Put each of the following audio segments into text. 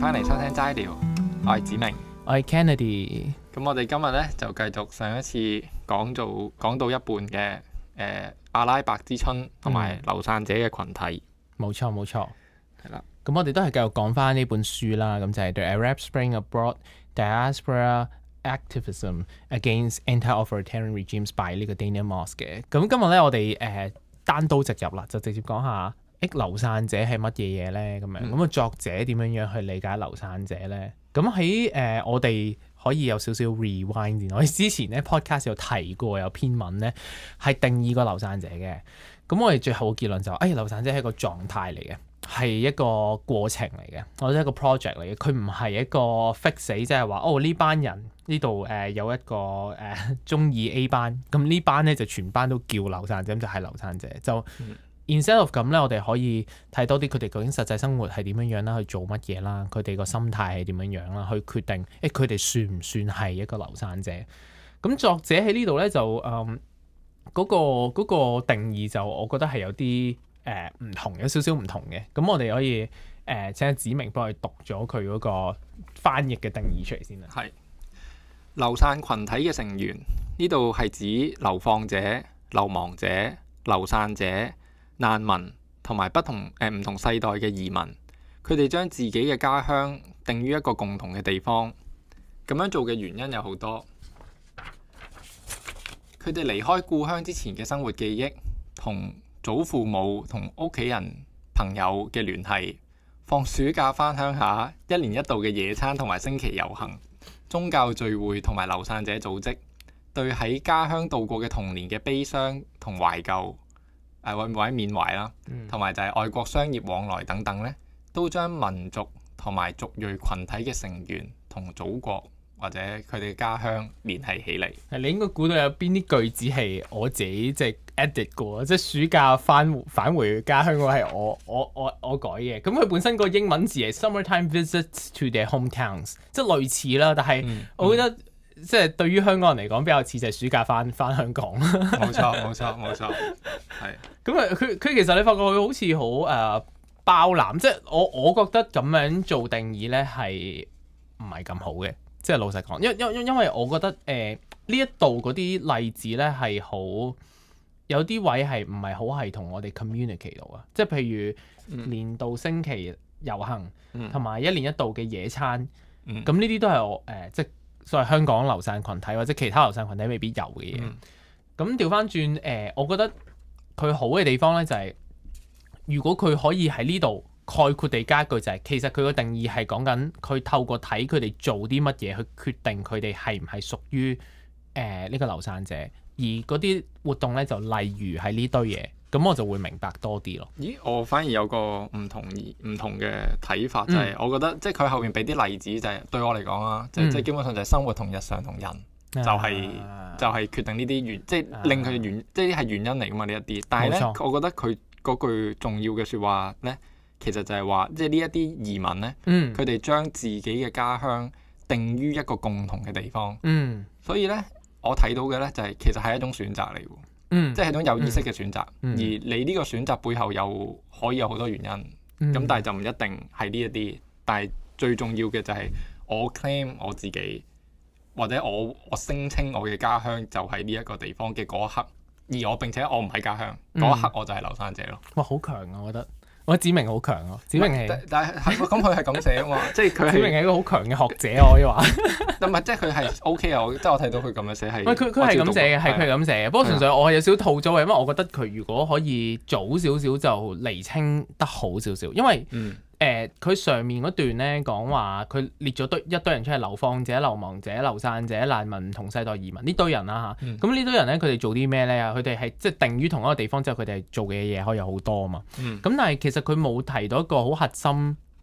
翻嚟收廳摘料，我係子明，我係 Kennedy。咁我哋今日咧就繼續上一次講到講到一半嘅誒、呃、阿拉伯之春同埋流散者嘅群體。冇錯冇錯，係啦。咁的我哋都係繼續講翻呢本書啦。咁就係、是、The Arab Spring: A Broad Diaspora Activism Against a n t i o p p o r i t i o n Regimes by Mos 呢個 Daniel Moss 嘅。咁今日咧我哋誒、呃、單刀直入啦，就直接講下。誒流散者係乜嘢嘢咧？咁樣咁啊，作者點樣樣去理解流散者咧？咁喺誒，我哋可以有少少 rewind 我哋之前咧 podcast 有提過有篇文咧，係定義過流散者嘅。咁我哋最後嘅結論就係，誒、哎、流散者係一個狀態嚟嘅，係一個過程嚟嘅，或者一個 project 嚟嘅。佢唔係一個 fix 死，即係話哦呢班人呢度誒有一個誒鍾意 A 班，咁呢班咧就全班都叫流散者，咁就係、是、流散者就。嗯 Instead of 咁咧， 我哋可以睇多啲佢哋究竟實際生活係點樣樣啦，去做乜嘢啦，佢哋個心態係點樣樣啦，去決定誒佢哋算唔算係一個流散者？咁作者喺呢度咧就誒嗰、嗯嗰個嗰個定義就我覺得係有啲誒唔同有少少唔同嘅。咁我哋可以誒、呃、請阿子明幫佢讀咗佢嗰個翻譯嘅定義出嚟先啦。係流散群體嘅成員呢度係指流放者、流亡者、流散者。難民同埋不同誒、欸、唔同世代嘅移民，佢哋將自己嘅家鄉定於一個共同嘅地方。咁樣做嘅原因有好多。佢哋離開故鄉之前嘅生活記憶，同祖父母同屋企人朋友嘅聯繫，放暑假返鄉下，一年一度嘅野餐同埋星期遊行，宗教聚會同埋流散者組織，對喺家鄉度過嘅童年嘅悲傷同懷舊。誒為喺緬懷啦，同埋就係外國商業往來等等咧，都將民族同埋族裔群體嘅成員同祖國或者佢哋嘅家鄉聯繫起嚟。係、嗯，你、嗯、應該估到有邊啲句子係我自己即係 edit 過，即、就、係、是、暑假翻返回家鄉我，我係我我我我改嘅。咁佢本身個英文字係 summertime visits to their hometowns，即係類似啦，但係我覺得、嗯。嗯即係對於香港人嚟講，比較似就係暑假翻翻香港冇 錯，冇錯，冇錯， 係。咁啊，佢佢其實你發覺佢好似好誒包攬，即係我我覺得咁樣做定義咧係唔係咁好嘅。即係老實講，因為因因因為我覺得誒呢一度嗰啲例子咧係好有啲位係唔係好係同我哋 communicate 到啊。即係譬如年度星期遊行，同埋、嗯、一年一度嘅野餐，咁呢啲都係我誒、呃、即。所謂香港流散群體或者其他流散群體未必有嘅嘢，咁調翻轉誒，我覺得佢好嘅地方咧就係，如果佢可以喺呢度概括地加一句就係，其實佢個定義係講緊佢透過睇佢哋做啲乜嘢去決定佢哋係唔係屬於誒呢個流散者，而嗰啲活動咧就例如係呢堆嘢。咁我就會明白多啲咯。咦，我反而有個唔同唔同嘅睇法，就係、是、我覺得，嗯、即係佢後面俾啲例子，就係、是、對我嚟講啦，即係即係基本上就係生活同日常同人，就係就係決定呢啲原，嗯、即係令佢原，即係啲係原因嚟噶嘛呢一啲。但係咧，冇錯我覺得佢嗰句重要嘅説話咧，其實就係話，即係呢一啲移民咧，佢哋將自己嘅家鄉定於一個共同嘅地方。嗯，所以咧，我睇到嘅咧就係、是、其實係一種選擇嚟喎。嗯、即係種有意識嘅選擇，嗯嗯、而你呢個選擇背後又可以有好多原因，咁、嗯、但係就唔一定係呢一啲。但係最重要嘅就係我 claim 我自己，或者我我聲稱我嘅家鄉就喺呢一個地方嘅嗰一刻，而我並且我唔喺家鄉嗰、嗯、一刻，我就係流散者咯。哇，好強啊！我覺得、啊。我梓明好強啊！梓明係，但係係咁，佢係咁寫 是 啊嘛， 即係佢。梓明係一個好強嘅學者，我以話。但係，即係佢係 OK 啊！即係我睇到佢咁樣寫係。佢佢係咁寫嘅，係佢咁寫嘅的。不過的的純粹我係有少吐槽嘅，因為的我覺得佢如果可以早少少就釐清得好少少，因為嗯。誒佢、呃、上面嗰段咧講話，佢列咗堆一堆人出嚟，流放者、流亡者、流散者、難民同世代移民呢堆人啦嚇。咁呢、嗯啊嗯、堆人咧，佢哋做啲咩咧？佢哋係即係定於同一個地方之後，佢哋做嘅嘢可以有好多嘛。咁、嗯嗯、但係其實佢冇提到一個好核心，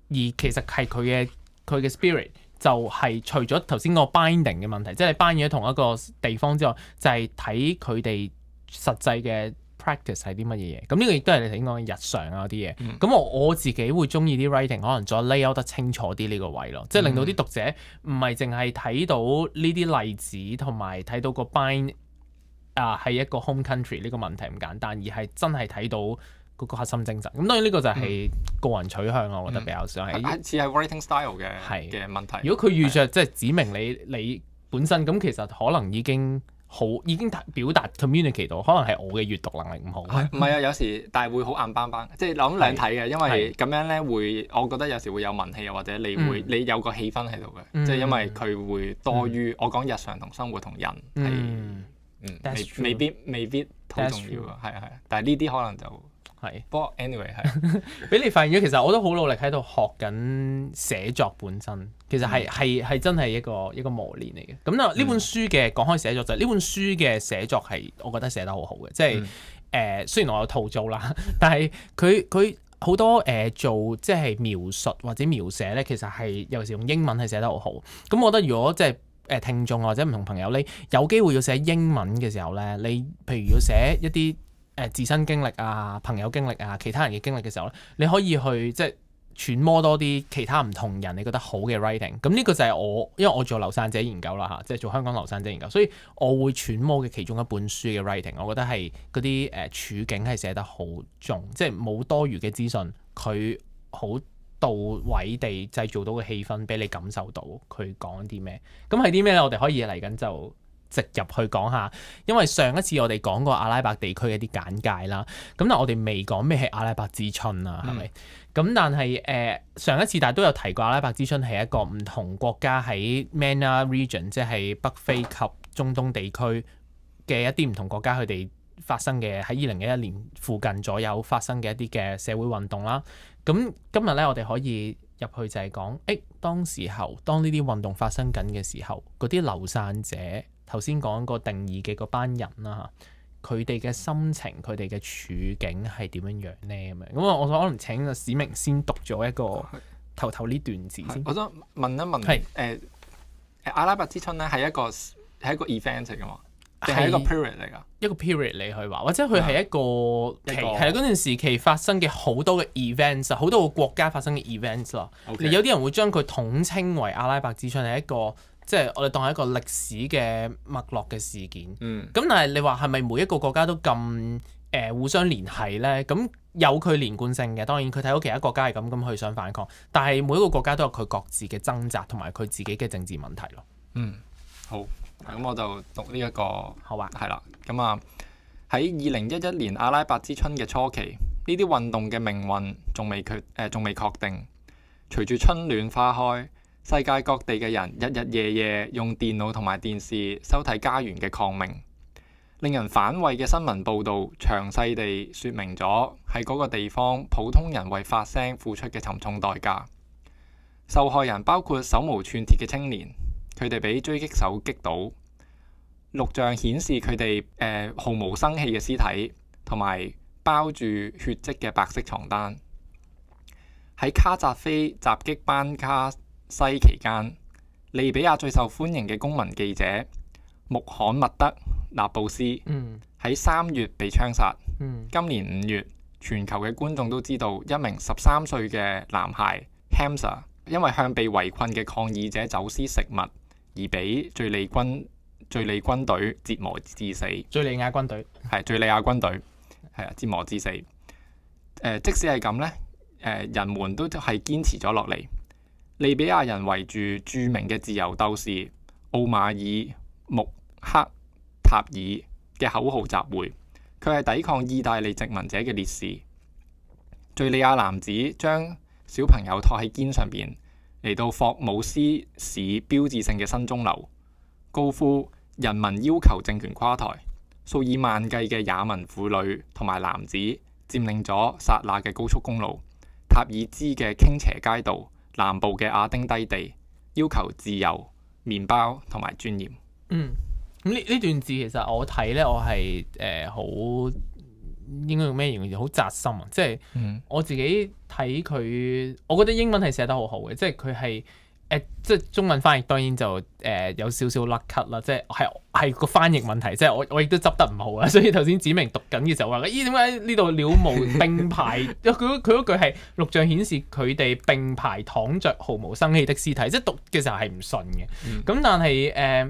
而其實係佢嘅佢嘅 spirit 就係除咗頭先個 binding 嘅問題，即係你 binding 同一個地方之外，就係睇佢哋實際嘅。Practice 係啲乜嘢嘢？咁呢個亦都係你頭先講日常啊啲嘢。咁我、嗯、我自己會中意啲 writing，可能再 layout 得清楚啲呢個位咯，即係令到啲讀者唔係淨係睇到呢啲例子，同埋睇到個 bind 啊、uh, 係一個 home country 呢個問題唔簡單，而係真係睇到嗰個核心精神。咁當然呢個就係個人取向，我覺得比較想係次係 writing style 嘅嘅問題。如果佢遇着，的即係指明你你本身咁，其實可能已經。好已經表達 communicate 到，可能係我嘅閱讀能力唔好。唔係啊，啊？有時但係會好硬梆梆，即係諗兩睇嘅，是因為咁樣咧會，我覺得有時會有文氣，又或者你會、嗯、你有個氣氛喺度嘅，嗯、即係因為佢會多於、嗯、我講日常同生活同人係嗯，但係未必未必好重要啊，係啊係啊，但係呢啲可能就。係是，anyway 係俾 你發現咗，其實我都好努力喺度學緊寫作本身，其實係係係真係一個一個磨練嚟嘅。咁啊，呢本書嘅、嗯、講開寫作就係、是、呢本書嘅寫作係我覺得寫得好好嘅，即係誒雖然我有套組啦，但係佢佢好多誒、呃、做即係描述或者描寫咧，其實係尤其是用英文係寫得好好。咁我覺得如果即係誒聽眾或者唔同朋友，你有機會要寫英文嘅時候咧，你譬如要寫一啲。誒自身經歷啊、朋友經歷啊、其他人嘅經歷嘅時候咧，你可以去即係揣摩多啲其他唔同人，你覺得好嘅 writing。咁呢個就係我，因為我做流散者研究啦嚇、啊，即係做香港流散者研究，所以我會揣摩嘅其中一本書嘅 writing，我覺得係嗰啲誒處境係寫得好重，即係冇多餘嘅資訊，佢好到位地製造到嘅氣氛，俾你感受到佢講啲咩。咁係啲咩咧？我哋可以嚟緊就直入去講下，因為上一次我哋講過阿拉伯地區嘅一啲簡介啦，咁但我哋未講咩係阿拉伯之春啊，係咪？咁、嗯、但係誒、呃、上一次，大家都有提過阿拉伯之春係一個唔同國家喺 MENA region，r 即係北非及中東地區嘅一啲唔同國家佢哋發生嘅喺二零一一年附近左右發生嘅一啲嘅社會運動啦。咁今日咧，我哋可以入去就係講，誒、欸、當時候當呢啲運動發生緊嘅時候，嗰啲流散者。頭先講個定義嘅嗰班人啦，嚇佢哋嘅心情、佢哋嘅處境係點樣樣咧？咁啊，我可能請個梓明先讀咗一個頭頭呢段字先。我想問一問，係誒是、呃、阿拉伯之春咧係一個係一個 event 嚟㗎，定係一個 period 嚟㗎？一個 period 嚟去話，或者佢係一個期係嗰段時期發生嘅好多嘅 event，好多個國家發生嘅 event 啦。你 Okay. 有啲人會將佢統稱為阿拉伯之春係一個。即係我哋當係一個歷史嘅脈絡嘅事件。咁、嗯、但係你話係咪每一個國家都咁誒、呃、互相聯繫咧？咁、嗯、有佢連貫性嘅，當然佢睇到其他國家係咁咁去想反抗，但係每一個國家都有佢各自嘅掙扎同埋佢自己嘅政治問題咯。嗯，好，咁我就讀呢、這、一個的。好啊。係啦，咁啊喺二零一一年阿拉伯之春嘅初期，呢啲運動嘅命運仲未確誒，仲、呃、未確定。隨住春暖花開。世界各地嘅人日日夜夜用電腦同埋電視收睇家園嘅抗命，令人反胃嘅新聞報道詳細地說明咗喺嗰個地方普通人為發聲付出嘅沉重代價。受害人包括手無寸鐵嘅青年，佢哋被狙擊手擊倒。錄像顯示佢哋、呃、毫無生氣嘅屍體，同埋包住血跡嘅白色床單。喺卡扎菲襲擊班卡西期間，利比亞最受歡迎嘅公民記者穆罕默德納布斯喺三、嗯、月被槍殺。嗯、今年五月，全球嘅觀眾都知道一名十三歲嘅男孩 Hamza、嗯、因為向被圍困嘅抗議者走私食物而被敘利亞軍敘利軍隊折磨致死。敘利亞軍隊係敘利亞軍隊係折磨致死。呃、即使係咁呢，人們都係堅持咗落嚟。利比亞人圍住著,著名嘅自由鬥士奧馬爾·穆克塔爾嘅口號集會，佢係抵抗意大利殖民者嘅烈士。敘利亞男子將小朋友托喺肩上邊嚟到霍姆斯市標誌性嘅新鐘樓，高呼人民要求政權垮台。數以萬計嘅也門婦女同埋男子佔領咗薩那嘅高速公路、塔爾茲嘅傾斜街道。南部嘅亞丁低地要求自由、麵包同埋尊嚴。嗯，咁呢呢段字其實我睇咧，我係誒好應該用咩形容詞？好扎心啊！即係我自己睇佢，我覺得英文係寫得好好嘅，即係佢係。誒、呃、即係中文翻譯當然就誒、呃、有少少甩咳 u 啦，即係係係個翻譯問題，即係我我亦都執得唔好啊，所以頭先梓明讀緊嘅時候話咦，依點解呢度了無並排？佢佢嗰句係錄像顯示佢哋並排躺着毫無生氣的屍體，即係讀嘅時候係唔順嘅。咁、嗯、但係誒。呃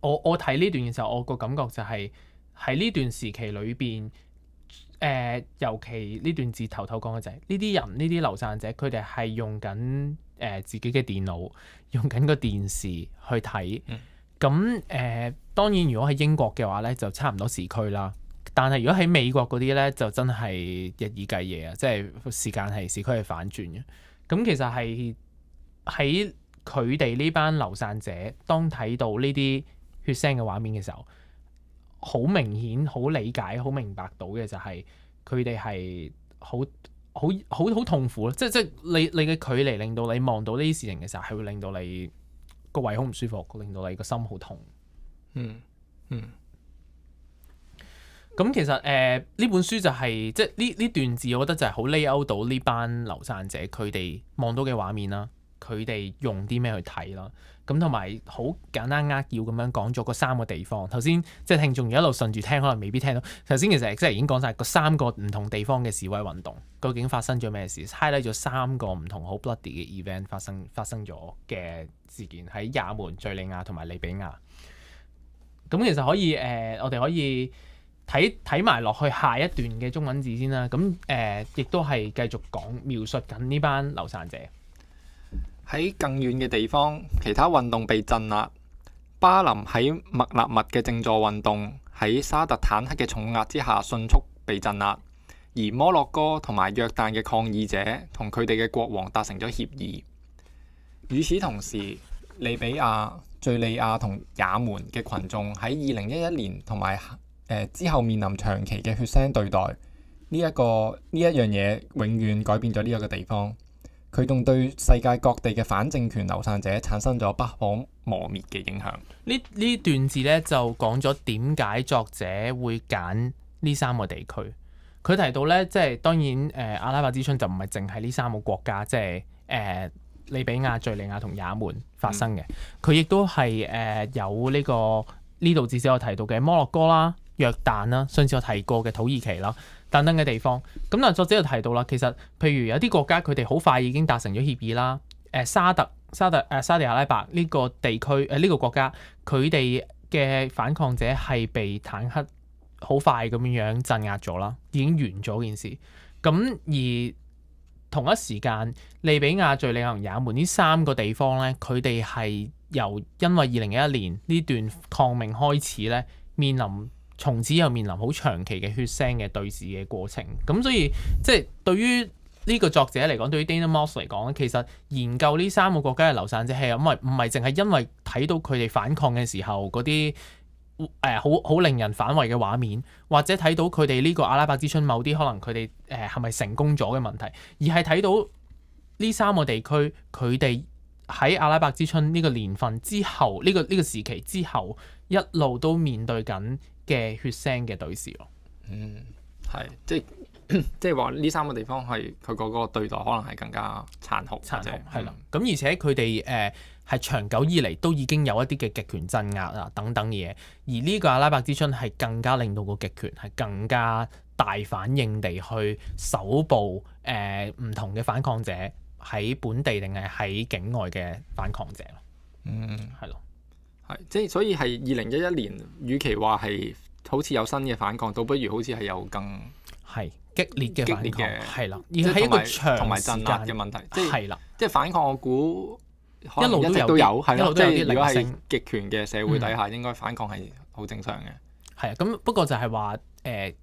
我我睇呢段嘅時候，我個感覺就係喺呢段時期裏邊，誒、呃，尤其呢段字頭頭講嘅就係呢啲人，呢啲流散者，佢哋係用緊誒、呃、自己嘅電腦，用緊個電視去睇。咁誒、嗯嗯呃，當然如果喺英國嘅話咧，就差唔多時區啦。但係如果喺美國嗰啲咧，就真係日以繼夜啊，即係時間係時區係反轉嘅。咁、嗯、其實係喺。佢哋呢班流散者，當睇到呢啲血腥嘅畫面嘅時候，好明顯、好理解、好明白到嘅就係佢哋係好好好痛苦咯。即係即係你你嘅距離，令到你望到呢啲事情嘅時候，係會令到你個胃好唔舒服，令到你個心好痛。嗯嗯。咁、嗯、其實誒呢、呃、本書就係、是、即係呢呢段字，我覺得就係好 layout 到呢班流散者，佢哋望到嘅畫面啦。佢哋用啲咩去睇咯？咁同埋好簡單扼要咁樣講咗嗰三個地方。頭先即係聽眾一路順住聽，可能未必聽到。頭先其實即係已經講晒嗰三個唔同地方嘅示威運動究竟發生咗咩事，highlight 咗三個唔同好 bloody 嘅 event 發生發生咗嘅事件，喺也門、敍利亞同埋利比亞。咁其實可以誒、呃，我哋可以睇睇埋落去下一段嘅中文字先啦。咁誒、呃，亦都係繼續講描述緊呢班流散者。喺更遠嘅地方，其他運動被鎮壓。巴林喺麥納麥嘅靜坐運動喺沙特坦克嘅重壓之下迅速被鎮壓。而摩洛哥同埋約旦嘅抗議者同佢哋嘅國王達成咗協議。與此同時，利比亞、敘利亞同也門嘅群眾喺二零一一年同埋、呃、之後面臨長期嘅血腥對待。呢、這、一個呢一樣嘢永遠改變咗呢一個地方。佢仲對世界各地嘅反政權流散者產生咗不可磨滅嘅影響。呢呢段字咧就講咗點解作者會揀呢三個地區。佢提到咧，即係當然，誒、呃、阿拉伯之春就唔係淨係呢三個國家，即係誒、呃、利比亞、敍利亞同也門發生嘅。佢亦、嗯、都係誒、呃、有呢、這個呢度至少有提到嘅摩洛哥啦、約旦啦，上次我提過嘅土耳其啦。等等嘅地方，咁但作者就提到啦，其實譬如有啲國家佢哋好快已經達成咗協議啦。誒、呃、沙特、沙特、誒、呃、沙特阿拉伯呢個地區誒呢、呃、這個國家，佢哋嘅反抗者係被坦克好快咁樣樣鎮壓咗啦，已經完咗件事。咁而同一時間利比亞敘利亞同也門呢三個地方咧，佢哋係由因為二零一一年呢段抗命開始咧，面臨。從此又面臨好長期嘅血腥嘅對峙嘅過程，咁所以即係對於呢個作者嚟講，對於 Dana Moss 嚟講，其實研究呢三個國家嘅流散者係因為唔係淨係因為睇到佢哋反抗嘅時候嗰啲誒好好令人反胃嘅畫面，或者睇到佢哋呢個阿拉伯之春某啲可能佢哋誒係咪成功咗嘅問題，而係睇到呢三個地區佢哋喺阿拉伯之春呢個年份之後，呢個呢個時期之後。一路都面對緊嘅血腥嘅對峙咯。嗯，係，即即係話呢三個地方係佢嗰個對待可能係更加殘酷，殘酷係啦。咁或者、嗯、而且佢哋誒係長久以嚟都已經有一啲嘅極權鎮壓啊等等嘢。而呢個阿拉伯之春係更加令到個極權係更加大反應地去搜捕誒唔同嘅反抗者，喺本地定係喺境外嘅反抗者咯。嗯，係咯。即係所以係二零一一年，與其話係好似有新嘅反抗，倒不如好似係有更係激烈嘅反抗，係啦，而係一個長時間同埋鎮壓嘅問題，即係啦，即係反抗，我估一路都有，一路都有。如果係極權嘅社會底下，應該反抗係好正常嘅。係啊，咁不過就係話誒，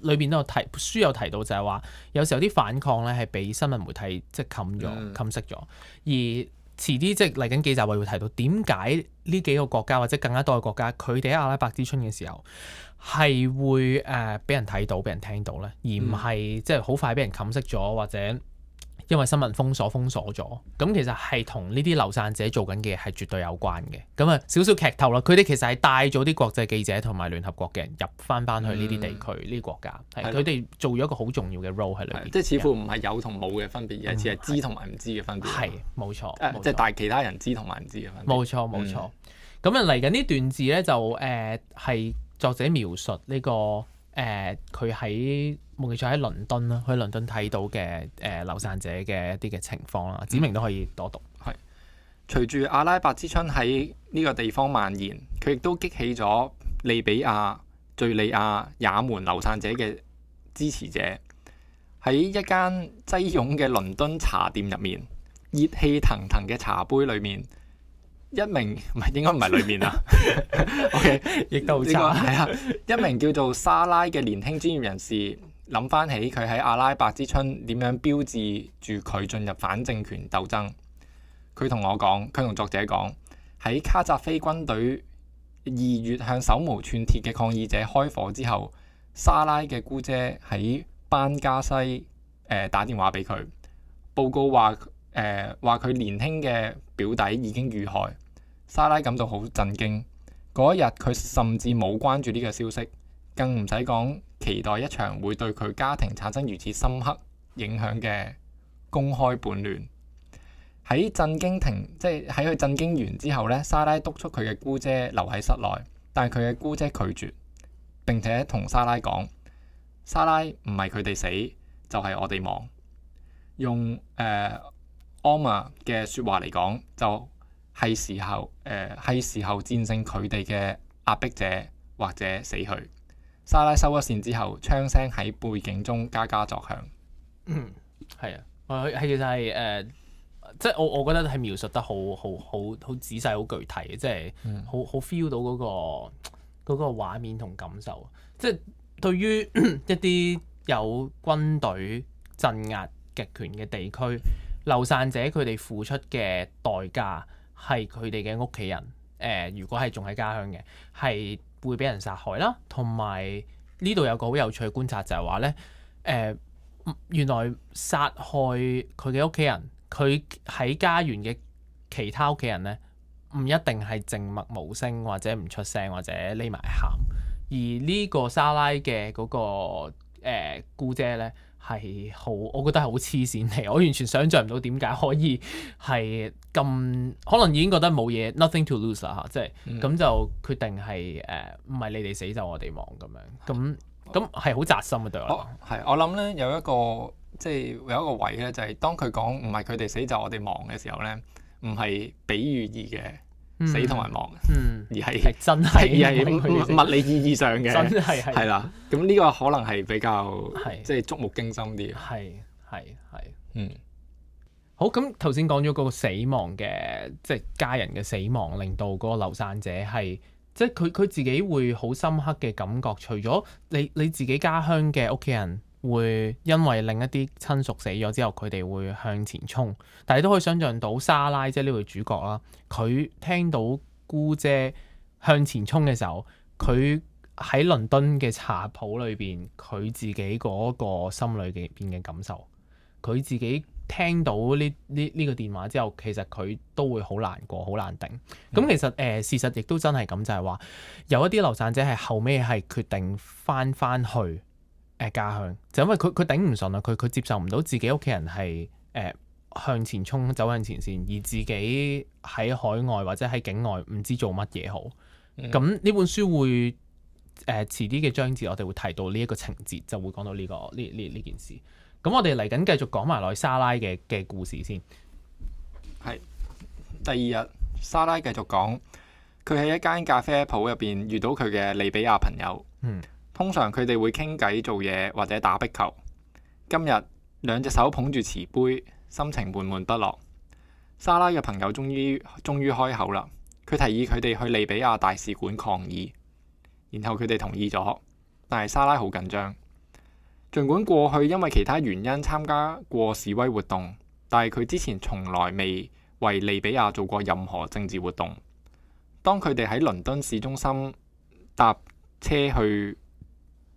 裏邊都有提，書有提到就係話，有時候啲反抗咧係畀新聞媒體即係冚咗、冚熄咗，而遲啲即係嚟緊幾集會會提到點解呢幾個國家或者更加多嘅國家，佢哋喺阿拉伯之春嘅時候係會誒、俾、呃、人睇到俾人聽到咧，而唔係、嗯、即係好快俾人冚熄咗或者。因為新聞封鎖封鎖咗，咁其實係同呢啲流散者做緊嘅嘢係絕對有關嘅。咁啊，少少劇透啦，佢哋其實係帶咗啲國際記者同埋聯合國嘅人入翻翻去呢啲地區、呢啲、嗯、國家，係佢哋做咗一個好重要嘅 role 喺裏邊，即係似乎唔係有同冇嘅分別，而係只係知同埋唔知嘅分別。係，冇錯。即係帶其他人知同埋唔知嘅分別。冇錯冇錯。咁啊，嚟緊呢段字咧，就誒係、呃、作者描述呢、呢個。誒佢喺冇記錯喺倫敦啦，去倫敦睇到嘅誒流散者嘅一啲嘅情況啦。梓明都可以多讀係。嗯、是隨住阿拉伯之春喺呢個地方蔓延，佢亦都激起咗利比亞、敍利亞、也門流散者嘅支持者，喺一間擠擁嘅倫敦茶店入面，熱氣騰騰嘅茶杯裏面。一名唔係，應該唔係裏面啊。 O.K. 亦都好差，係該 啊！一名叫做莎拉嘅年輕專業人士，諗翻起佢喺阿拉伯之春點樣標誌住佢進入反政權鬥爭。佢同我講，佢同作者講，喺卡扎菲軍隊二月向手無寸鐵嘅抗議者開火之後，莎拉嘅姑姐喺班加西誒、呃、打電話俾佢，報告話誒話佢年輕嘅表弟已經遇害。莎拉感到好震驚，嗰一日佢甚至冇關注呢個消息，更唔使講期待一場會對佢家庭產生如此深刻影響嘅公開叛亂。喺震驚停，即係喺佢震驚完之後咧，莎拉督促佢嘅姑姐留喺室內，但係佢嘅姑姐拒絕，並且同莎拉講：莎拉唔係佢哋死，就係、是、我哋亡。用誒奧瑪嘅説話嚟講，就。係時候，誒、呃、係時候戰勝佢哋嘅壓迫者，或者死去。莎拉收咗線之後，槍聲喺背景中嘎嘎作響。係、嗯、啊，我，係其實係誒、呃，即係我我覺得係描述得好好好好仔細、好具體，即係好好 feel 到嗰個嗰個畫面同感受。即係對於 一啲有軍隊鎮壓極權嘅地區，流散者佢哋付出嘅代價。係佢哋嘅屋企人，誒、呃，如果係仲喺家鄉嘅，係會俾人殺害啦。同埋呢度有個好有趣嘅觀察就係話咧，誒、呃，原來殺害佢嘅屋企人，佢喺家園嘅其他屋企人咧，唔一定係靜默無聲或者唔出聲或者匿埋喊。而呢個沙拉嘅嗰個、呃、姑姐咧。係好，我覺得係好黐線嚟，我完全想像唔到點解可以係咁，可能已經覺得冇嘢 nothing to lose 啦嚇，即係咁、嗯、就決定係誒，唔、呃、係你哋死就我哋亡咁樣，咁咁係好扎心嘅對我嚟講。係我諗咧有一個即係有一個位咧，就係、是、當佢講唔係佢哋死就我哋亡嘅時候咧，唔係比喻義嘅。死同埋亡，而係真係而係物理意義上嘅，真係啦。咁呢個可能係比較即係 觸目驚心啲。係係係，嗯。好，咁頭先講咗嗰個死亡嘅，即係家人嘅死亡，令到嗰個流散者係即係佢佢自己會好深刻嘅感覺。除咗你你，你自己家鄉嘅屋企人。會因為另一啲親屬死咗之後，佢哋會向前衝。但係都可以想像到莎拉即係呢位主角啦，佢聽到姑姐向前衝嘅時候，佢喺倫敦嘅茶鋪裏邊，佢自己嗰個心裏嘅邊嘅感受，佢自己聽到呢呢呢個電話之後，其實佢都會好難過，好難頂。咁、嗯、其實誒、呃、事實亦都真係咁，就係、是、話有一啲流散者係後尾係決定翻翻去。誒家鄉，就因為佢佢頂唔順啊，佢佢接受唔到自己屋企人係誒、呃、向前衝走向前線，而自己喺海外或者喺境外唔知做乜嘢好。咁呢、嗯、本書會誒、呃、遲啲嘅章節，我哋會提到呢一個情節，就會講到呢、呢個呢呢呢件事。咁我哋嚟緊繼續講埋落沙拉嘅嘅故事先。係第二日，沙拉繼續講，佢喺一間咖啡鋪入邊遇到佢嘅利比亞朋友。嗯。通常佢哋會傾偈、做嘢或者打壁球。今日兩隻手捧住瓷杯，心情悶悶不樂。莎拉嘅朋友終於終於開口啦，佢提議佢哋去利比亞大使館抗議，然後佢哋同意咗。但係莎拉好緊張，儘管過去因為其他原因參加過示威活動，但係佢之前從來未為利比亞做過任何政治活動。當佢哋喺倫敦市中心搭車去。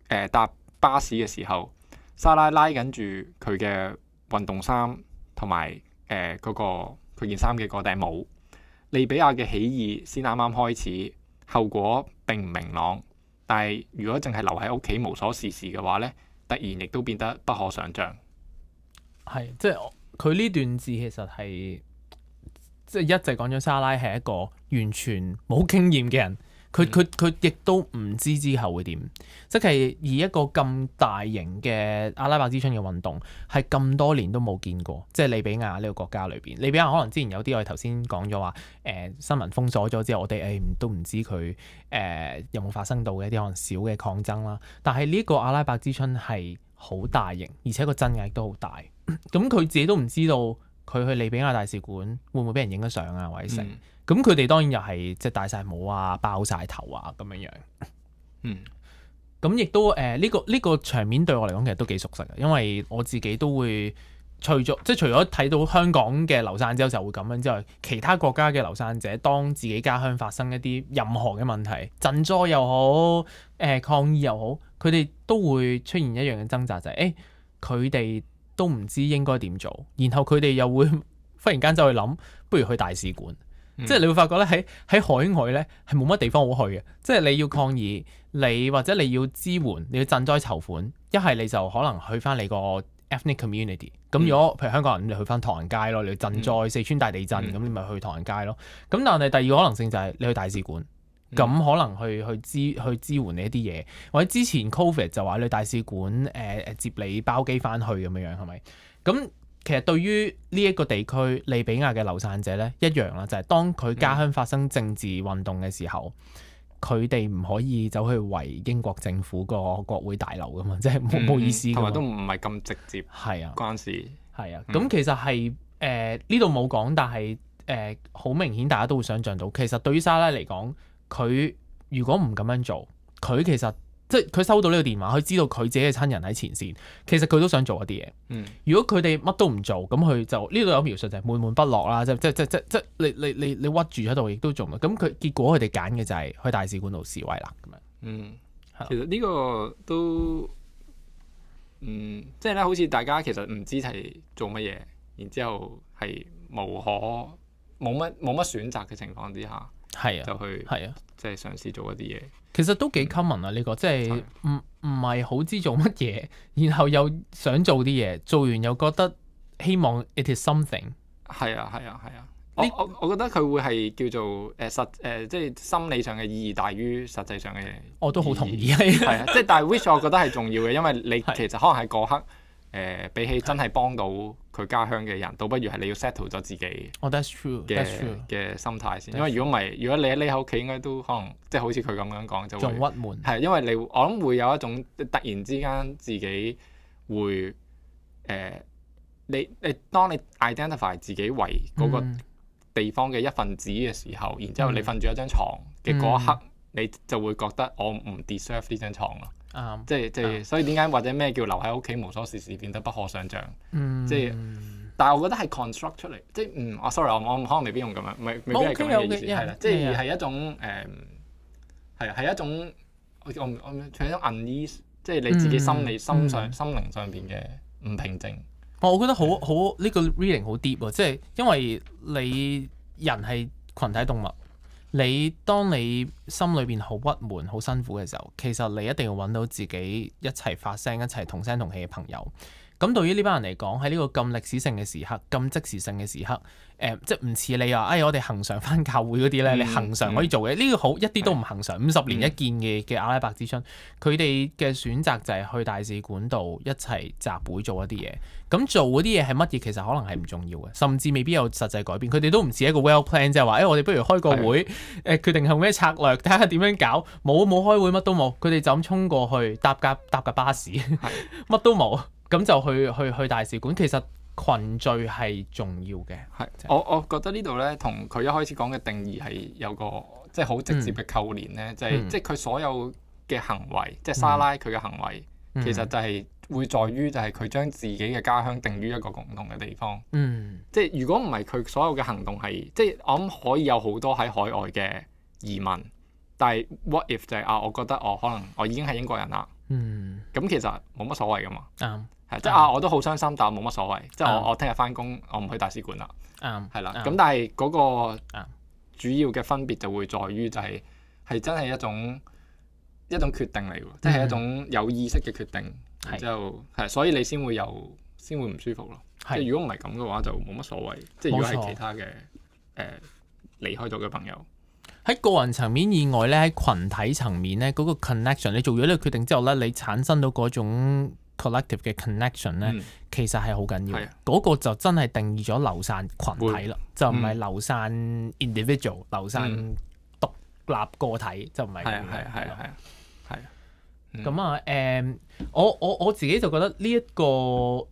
呃、搭巴士嘅時候，莎拉拉緊住佢嘅運動衫，同埋誒個佢件衫嘅個頂帽。利比亞嘅起義先啱啱開始，後果並唔明朗。但係如果淨係留喺屋企無所事事嘅話呢，突然亦都變得不可想象。係，即係佢呢段字其實係即係一直講咗莎拉係一個完全冇經驗嘅人。佢佢佢亦都唔知之後會點，即係而一個咁大型嘅阿拉伯之春嘅運動，係咁多年都冇見過，即係利比亞呢個國家裏邊，利比亞可能之前有啲我哋頭先講咗話，誒、呃、新聞封鎖咗之後，我哋誒都唔知佢誒、呃、有冇發生到嘅一啲可能小嘅抗爭啦。但係呢一個阿拉伯之春係好大型，而且個鎮壓都好大，咁佢自己都唔知道佢去利比亞大使館會唔會俾人影咗相啊，或者成。嗯咁佢哋當然又係即係戴曬帽啊，包晒頭啊，咁樣樣。嗯，咁亦都誒呢、呃呢個呢、呢個場面對我嚟講其實都幾熟悉嘅，因為我自己都會除咗即係除咗睇到香港嘅流散之後就會咁樣之外，其他國家嘅流散者當自己家鄉發生一啲任何嘅問題，震災又好，誒、呃、抗議又好，佢哋都會出現一樣嘅掙扎，就係誒佢哋都唔知應該點做，然後佢哋又會忽然間就去諗，不如去大使館。即係你會發覺咧，喺喺海外咧係冇乜地方好去嘅。即係你要抗議，你或者你要支援，你要賑災籌款，一係你就可能去翻你個 ethnic community、嗯。咁如果譬如香港人，你去翻唐人街咯，你要賑災、嗯、四川大地震，咁、嗯、你咪去唐人街咯。咁但係第二個可能性就係你去大使館，咁可能去去支去支援你一啲嘢。或者之前 covid 就話你去大使館誒誒接你包機翻去咁樣樣係咪？咁其實對於呢一個地區利比亞嘅流散者咧一樣啦，就係、是、當佢家鄉發生政治運動嘅時候，佢哋唔可以走去圍英國政府個國會大樓㗎嘛，即係冇、嗯、意思，同埋都唔係咁直接係，係啊關事係啊。咁、啊嗯、其實係誒呢度冇講，但係誒好明顯大家都會想像到，其實對於莎拉嚟講，佢如果唔咁樣做，佢其實。即係佢收到呢個電話，佢知道佢自己嘅親人喺前線。其實佢都想做一啲嘢。嗯，如果佢哋乜都唔做，咁佢就呢度有描述就係悶悶不樂啦。即係即即即你你你你屈住喺度亦都做。咁佢結果佢哋揀嘅就係去大使館度示威啦。咁樣。嗯，吧其實呢個都，嗯，即係咧，好似大家其實唔知係做乜嘢，然之後係無可冇乜冇乜選擇嘅情況之下。係啊，就去係啊，即係嘗試做一啲嘢。其實都幾 common 啊，呢個、嗯、即係唔唔係好知做乜嘢，然後又想做啲嘢，做完又覺得希望 it is something。係啊，係啊，係啊，啊。我我我覺得佢會係叫做誒、呃、實誒、呃，即係心理上嘅意義大於實際上嘅嘢。我都好同意係啊， 啊，即係但係 wish 我覺得係重要嘅，因為你其實可能喺嗰刻。誒、呃，比起真係幫到佢家鄉嘅人，的倒不如係你要 settle 咗自己嘅嘅、oh, 心態先。S 因為如果唔係，如果你匿喺屋企，應該都可能即係好似佢咁樣講，就會仲鬱悶。係，因為你我諗會有一種突然之間自己會誒、呃、你你當你 identify 自己為嗰個地方嘅一份子嘅時候，嗯、然之後你瞓住一張床嘅嗰一刻，嗯、你就會覺得我唔 deserve 呢張床咯。即係即係，所以點解或者咩叫留喺屋企無所事事變得不可想像？即係，但係我覺得係 construct 出嚟，即係唔我 sorry，我可能未必用咁樣，唔係未必係咁嘅意思，係啦，即係係一種誒，係係一種我我我咗 unease 即係你自己心理心上心靈上邊嘅唔平靜。我我覺得好好呢個 reading 好 deep 喎，即係因為你人係群體動物。你當你心裏邊好鬱悶、好辛苦嘅時候，其實你一定要揾到自己一齊發聲、一齊同聲同氣嘅朋友。咁對於呢班人嚟講，喺呢個咁歷史性嘅時刻、咁即時性嘅時刻，誒、嗯，即係唔似你話，哎，我哋恆常翻教會嗰啲咧，嗯、你恆常可以做嘅。呢、嗯、個好一啲都唔恆常，五十、嗯、年一見嘅嘅阿拉伯之春，佢哋嘅選擇就係去大使館度一齊集會做一啲嘢。咁做嗰啲嘢係乜嘢？其實可能係唔重要嘅，甚至未必有實際改變。佢哋都唔似一個 well plan，即係話，誒、哎，我哋不如開個會，誒的、呃，決定係咩策略，睇下點樣搞。冇冇開會，乜都冇。佢哋就咁衝過去，搭架搭架，搭架巴士，乜 都冇。咁就去去去大使館。其實群聚係重要嘅。係，就係，我我覺得呢度咧，同佢一開始講嘅定義係有個即係好直接嘅扣連咧，就係即係佢所有嘅行為，即係沙拉佢嘅行為，嗯，其實就係會在於就係佢將自己嘅家鄉定於一個共同嘅地方。即係，嗯，如果唔係佢所有嘅行動係，即係我諗可以有好多喺海外嘅移民，但係 what if 就係啊，我覺得我可能我已經係英國人啦。嗯，咁其實冇乜所謂噶嘛。啱，嗯。係即，啊！我都好傷心，但我冇乜所謂。即係我我聽日翻工，我唔去大使館啦。嗯，係啦。咁但係嗰個主要嘅分別就會在於，就係係真係一種一種決定嚟嘅，即係一種有意識嘅決定。然之後係，所以你先會有，先會唔舒服咯。即如果唔係咁嘅話，就冇乜所謂。即係如果係其他嘅誒離開咗嘅朋友，喺個人層面以外咧，喺群體層面咧，嗰個 connection，你做咗呢個決定之後咧，你產生到嗰種。collective 嘅 connection 咧，connect 呢嗯、其實係好緊要嗰是個就真係定義咗流散群體咯，會就唔係流散 individual、嗯、流散獨立個體、嗯、就唔係。係啊係啊係啊咁啊誒，我我我自己就覺得呢、呢、一個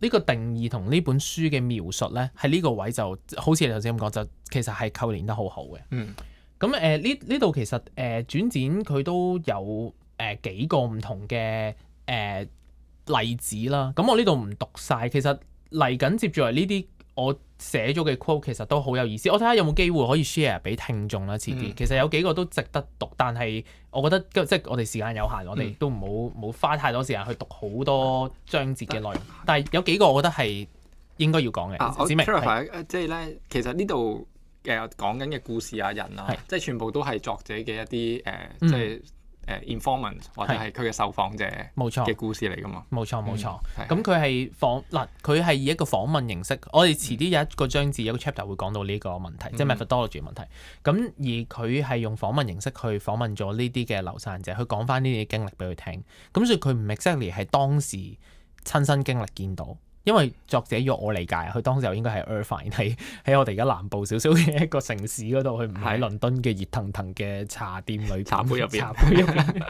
呢、呢個定義同呢本書嘅描述咧，喺呢個位就好似你頭先咁講，就其實係扣連得好好嘅、嗯啊。嗯。咁誒呢呢度其實誒轉展佢都有誒幾個唔同嘅誒。例子啦，咁我呢度唔讀晒。其實嚟緊接住嚟呢啲我寫咗嘅 quote 其實都好有意思。我睇下有冇機會可以 share 俾聽眾啦、啊，遲啲。嗯、其實有幾個都值得讀，但係我覺得即係、就是、我哋時間有限，嗯、我哋都唔好冇花太多時間去讀好多章節嘅內容。但係有幾個我覺得係應該要講嘅。梓明即係咧，其實呢度誒講緊嘅故事啊、人啊，是即係全部都係作者嘅一啲誒、呃，即係。嗯誒、uh, informant 或者係佢嘅受訪者冇錯，冇錯嘅故事嚟㗎嘛，冇錯冇錯。咁佢係訪嗱，佢係以一個訪問形式。 我哋遲啲有一個章節，一個 chapter 會講到呢個問題， 即係 methodology 問題。咁而佢係用訪問形式去訪問咗呢啲嘅流散者，佢講翻呢啲經歷俾佢聽。咁所以佢唔 exactly 係當時親身經歷見到。因為作者若我理解，佢當時候應該係 Earthing 喺我哋而家南部少少嘅一個城市嗰度，佢唔喺倫敦嘅熱騰騰嘅茶店裏邊，茶杯入邊。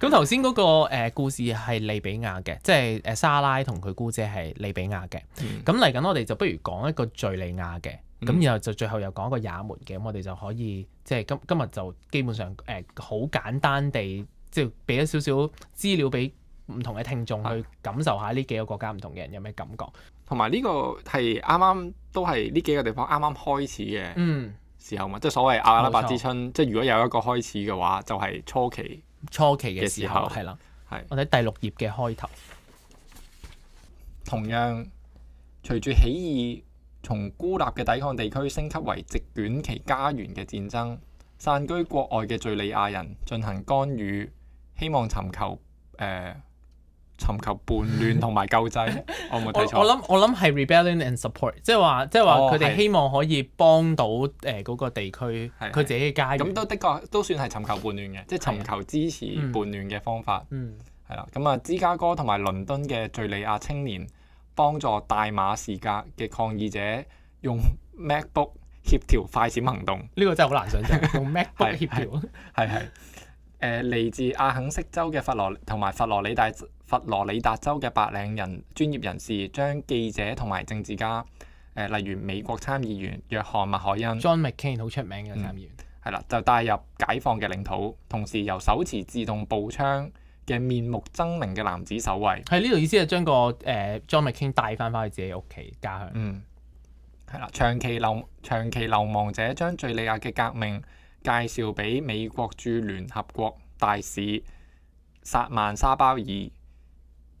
咁頭先嗰個誒故事係利比亞嘅，即係誒沙拉同佢姑姐係利比亞嘅。咁嚟緊我哋就不如講一個敍利亞嘅，咁、嗯、然後就最後又講一個也門嘅，咁我哋就可以即係今今日就基本上誒好、呃、簡單地，即係俾一少少資料俾。唔同嘅聽眾去感受下呢幾個國家唔同嘅人有咩感覺，同埋呢個係啱啱都係呢幾個地方啱啱開始嘅嗯時候嗯嘛，即係所謂阿拉伯錯之春，即係如果有一個開始嘅話，就係、是、初期初期嘅時候，係啦，係是我哋喺第六頁嘅開頭，同樣隨住起義從孤立嘅抵抗地區升級為席捲其家園嘅戰爭，散居國外嘅敍利亞人進行干預，希望尋求誒。呃尋求叛亂同埋救濟，我冇睇錯。 我諗我諗係 rebellion and support，即係話即係話佢哋希望可以幫到誒嗰個地區佢自己嘅家咁都的確都算係尋求叛亂嘅， 即係尋求支持叛亂嘅方法。嗯，係、嗯、啦。咁啊，芝加哥同埋倫敦嘅敍利亞青年幫助大馬士革嘅抗議者用 MacBook 協調快閃行動。呢個真係好難想象用 MacBook 協調。係係。 誒，嚟、呃、自阿肯色州嘅佛羅同埋佛羅里大。佛羅里達州嘅白領人、專業人士將記者同埋政治家，誒、呃、例如美國參議員約翰麥凱恩 （John McCain） 好出名嘅參議員，係啦、嗯，就帶入解放嘅領土，同時由手持自動步槍嘅面目猙獰嘅男子守衛。係呢度意思係將、那個誒、呃、John McCain 帶翻翻去自己屋企家鄉。嗯，係啦，的長期流長期流亡者將敍利亞嘅革命介紹俾美國駐聯合國大使薩曼沙包爾。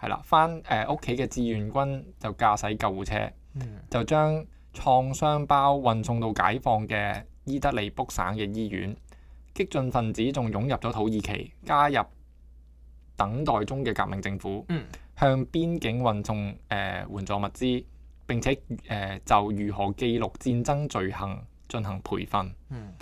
係啦，返誒屋企嘅志願軍就駕駛救護車，嗯、就將創傷包運送到解放嘅伊德利卜省嘅醫院。激進分子仲湧入咗土耳其，加入等待中嘅革命政府，嗯、向邊境運送誒、呃、援助物資，並且誒、呃、就如何記錄戰爭罪行進行培訓。嗯、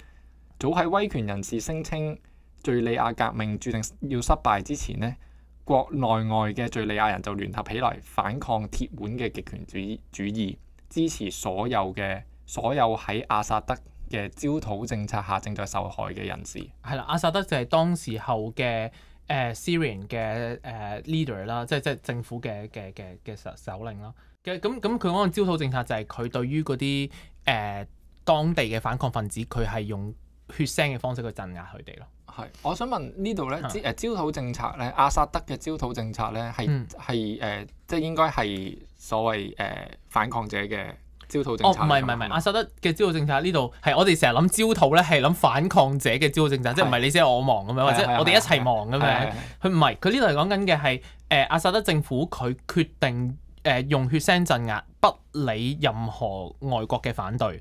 早喺威權人士聲稱敍利亞革命注定要失敗之前咧。國內外嘅敍利亞人就聯合起來反抗鐵腕嘅極權主主義，支持所有嘅所有喺阿薩德嘅焦土政策下正在受害嘅人士。係啦，阿薩德就係當時候嘅誒、呃、Syrian 嘅誒、呃、leader 啦、就是，即係即係政府嘅嘅嘅嘅首首領啦。嘅咁咁佢嗰個焦土政策就係佢對於嗰啲誒當地嘅反抗分子，佢係用血腥嘅方式去鎮壓佢哋咯。係，我想問呢度咧誒焦土政策咧，阿薩德嘅焦土政策咧係係誒，即係應該係所謂誒、呃、反抗者嘅焦土政策。哦，唔係唔係唔係，阿薩德嘅焦土政策呢度係我哋成日諗焦土咧係諗反抗者嘅焦土政策，是即係唔係你死我亡咁樣，或者我哋一齊亡咁樣。佢唔係，佢呢度係講緊嘅係誒阿薩德政府佢決定誒、呃、用血腥鎮壓，不理任何外國嘅反對。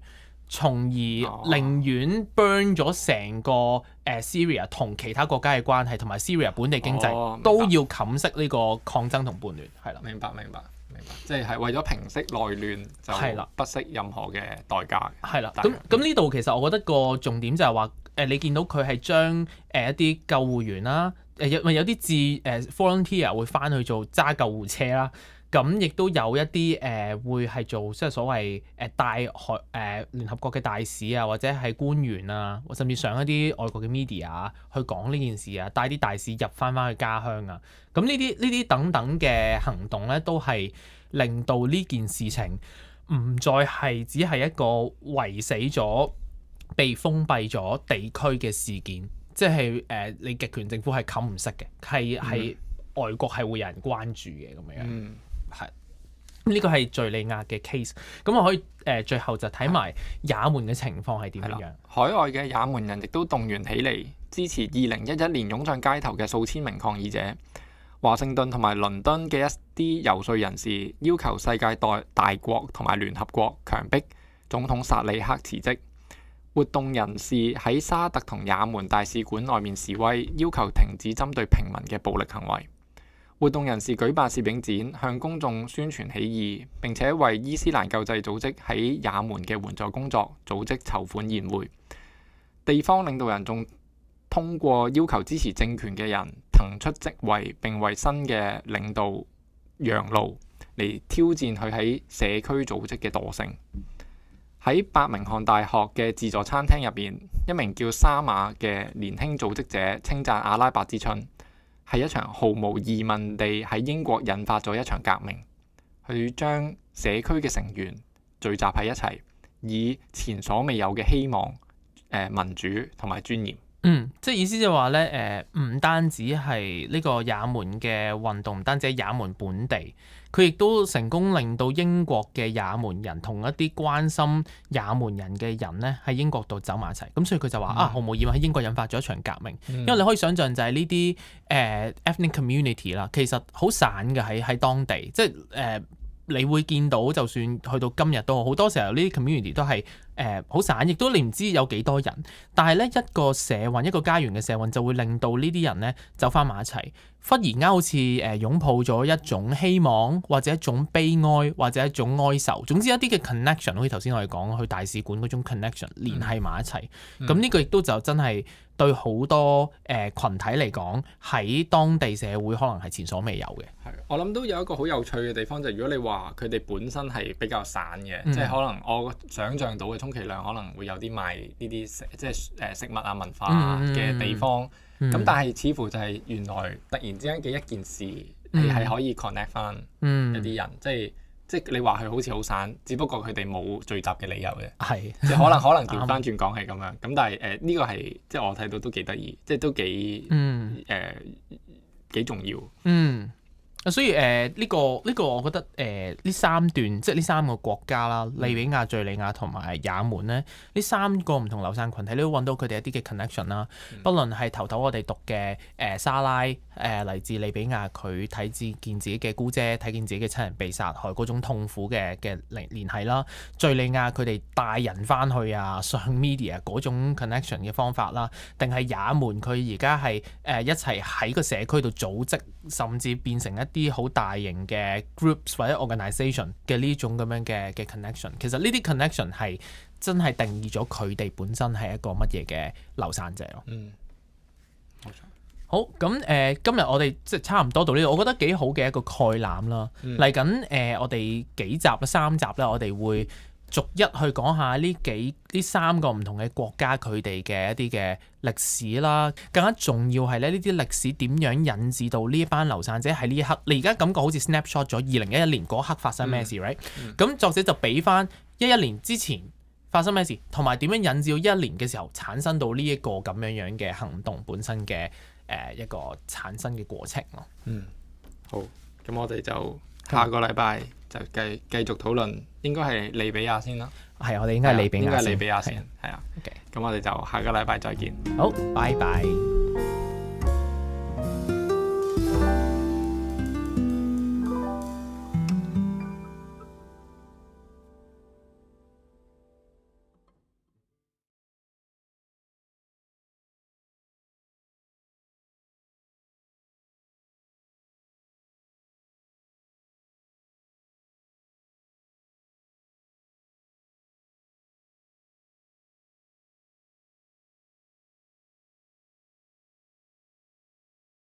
從而寧願 burn 咗成個誒 Syria 同其他國家嘅關係，同埋 Syria 本地經濟、哦、都要冚熄呢個抗爭同叛亂，係啦。明白明白明白，即係係為咗平息內亂，就不惜任何嘅代價嘅。係啦的。咁咁呢度其實我覺得個重點就係話誒，你見到佢係將誒一啲救護員啦，誒有咪有啲自誒、呃、volunteer 會翻去做揸救護車啦。咁亦都有一啲誒、呃、會係做，即、就、係、是、所謂誒、呃、大學誒、呃、聯合國嘅大使啊，或者係官員啊，甚至上一啲外國嘅 media、啊、去講呢件事啊，帶啲大使入返返去家鄉啊。咁呢啲呢啲等等嘅行動呢，都係令到呢件事情唔再係只係一個圍死咗、被封閉咗地區嘅事件，即係誒、呃、你極權政府係冚唔實嘅，係係、嗯、外國係會有人關注嘅咁樣。嗯。係，呢個係敍利亞嘅 case。咁我可以誒、呃、最後就睇埋的也門嘅情況係點樣？海外嘅也門人亦都動員起嚟支持二零一一年湧上街頭嘅數千名抗議者。華盛頓同埋倫敦嘅一啲游説人士要求世界大大國同埋聯合國強迫總統薩利克辭職。活動人士喺沙特同也門大使館外面示威，要求停止針對平民嘅暴力行為。活動人士舉辦攝影展，向公眾宣傳起義，並且為伊斯蘭救濟組織喺也門嘅援助工作組織籌款宴會。地方領導人仲通過要求支持政權嘅人騰出職位，並為新嘅領導讓路，嚟挑戰佢喺社區組織嘅惰性。喺伯明翰大學嘅自助餐廳入邊，一名叫沙馬嘅年輕組織者稱讚阿拉伯之春。係一場毫無疑問地喺英國引發咗一場革命，佢將社區嘅成員聚集喺一齊，以前所未有嘅希望，呃，民主同埋尊嚴。嗯，即係意思就話咧，誒、呃、唔單止係呢個也門嘅運動，唔單止係也門本地，佢亦都成功令到英國嘅也門人同一啲關心也門人嘅人咧喺英國度走埋一齊。咁所以佢就話啊，毫無意外喺英國引發咗一場革命，因為你可以想像就係呢啲誒 ethnic community 啦，其實好散嘅喺喺當地，即係誒、呃、你會見到就算去到今日都好多時候呢啲 community 都係。誒好、呃、散，亦都你唔知有幾多人，但係咧一個社運一個家園嘅社運就會令到呢啲人咧走返埋一齊。忽然間好似誒擁抱咗一種希望，或者一種悲哀，或者一種哀愁。總之一啲嘅 connection，好似頭先我哋講去大使館嗰種 connection、嗯、連係埋一齊。咁呢、嗯、個亦都就真係對好多誒羣、呃、體嚟講，喺當地社會可能係前所未有嘅。係，我諗都有一個好有趣嘅地方，就係、如果你話佢哋本身係比較散嘅，即係、嗯、可能我想象到嘅充其量可能會有啲賣呢啲食，即係誒食物啊文化嘅地方。嗯嗯嗯。咁、嗯、但係似乎就係原來突然之間嘅一件事、嗯、你係可以 connect 翻一啲人，嗯、即係即係你話佢好似好散，只不過佢哋冇聚集嘅理由嘅，係是即可能 可能調翻轉講係咁樣。咁 但係誒呢個係即係我睇到都幾得意，即係都幾誒幾重要。嗯。所以誒呢個呢個，這個、我覺得誒呢、呃、三段即係呢三個國家啦，嗯、利比亞、敘利亞同埋也門咧，呢三個唔同流散群體，你都揾到佢哋一啲嘅 connection 啦、嗯。不論係頭頭我哋讀嘅誒、呃、沙拉誒嚟、呃、自利比亞，佢睇見見自己嘅姑姐，睇見自己嘅親人被殺害嗰種痛苦嘅嘅聯聯繫啦；敘利亞佢哋帶人翻去啊上 media 嗰種 connection 嘅方法啦，定係也門佢而家係誒一齊喺個社區度組織，甚至變成一啲好大型嘅 groups 或者 organization 嘅呢種咁樣嘅嘅 connection，其實呢啲 connection 係真係定義咗佢哋本身係一個乜嘢嘅流散者咯。嗯，好咁誒、呃，今日我哋即係差唔多到呢度，我覺得幾好嘅一個概覽啦。嚟緊誒，我哋幾集三集咧，我哋會逐一去講下呢幾呢三個唔同嘅國家佢哋嘅一啲嘅歷史啦，更加重要係咧呢啲歷史點樣引致到呢班流散者喺呢一刻，你而家感覺好似 snapshot 咗二零一一年嗰刻發生咩事，right？咁作者就俾翻一一年之前發生咩事，同埋點樣引致到一一年嘅時候產生到呢一個咁樣樣嘅行動本身嘅誒、呃、一個產生嘅過程咯。嗯，好，咁我哋就下個禮拜。就繼繼續討論，應該係利比亞先啦。係、啊，我哋、啊、應該係利比亞先。係啊。OK 咁我哋就下個禮拜再見。好，拜拜。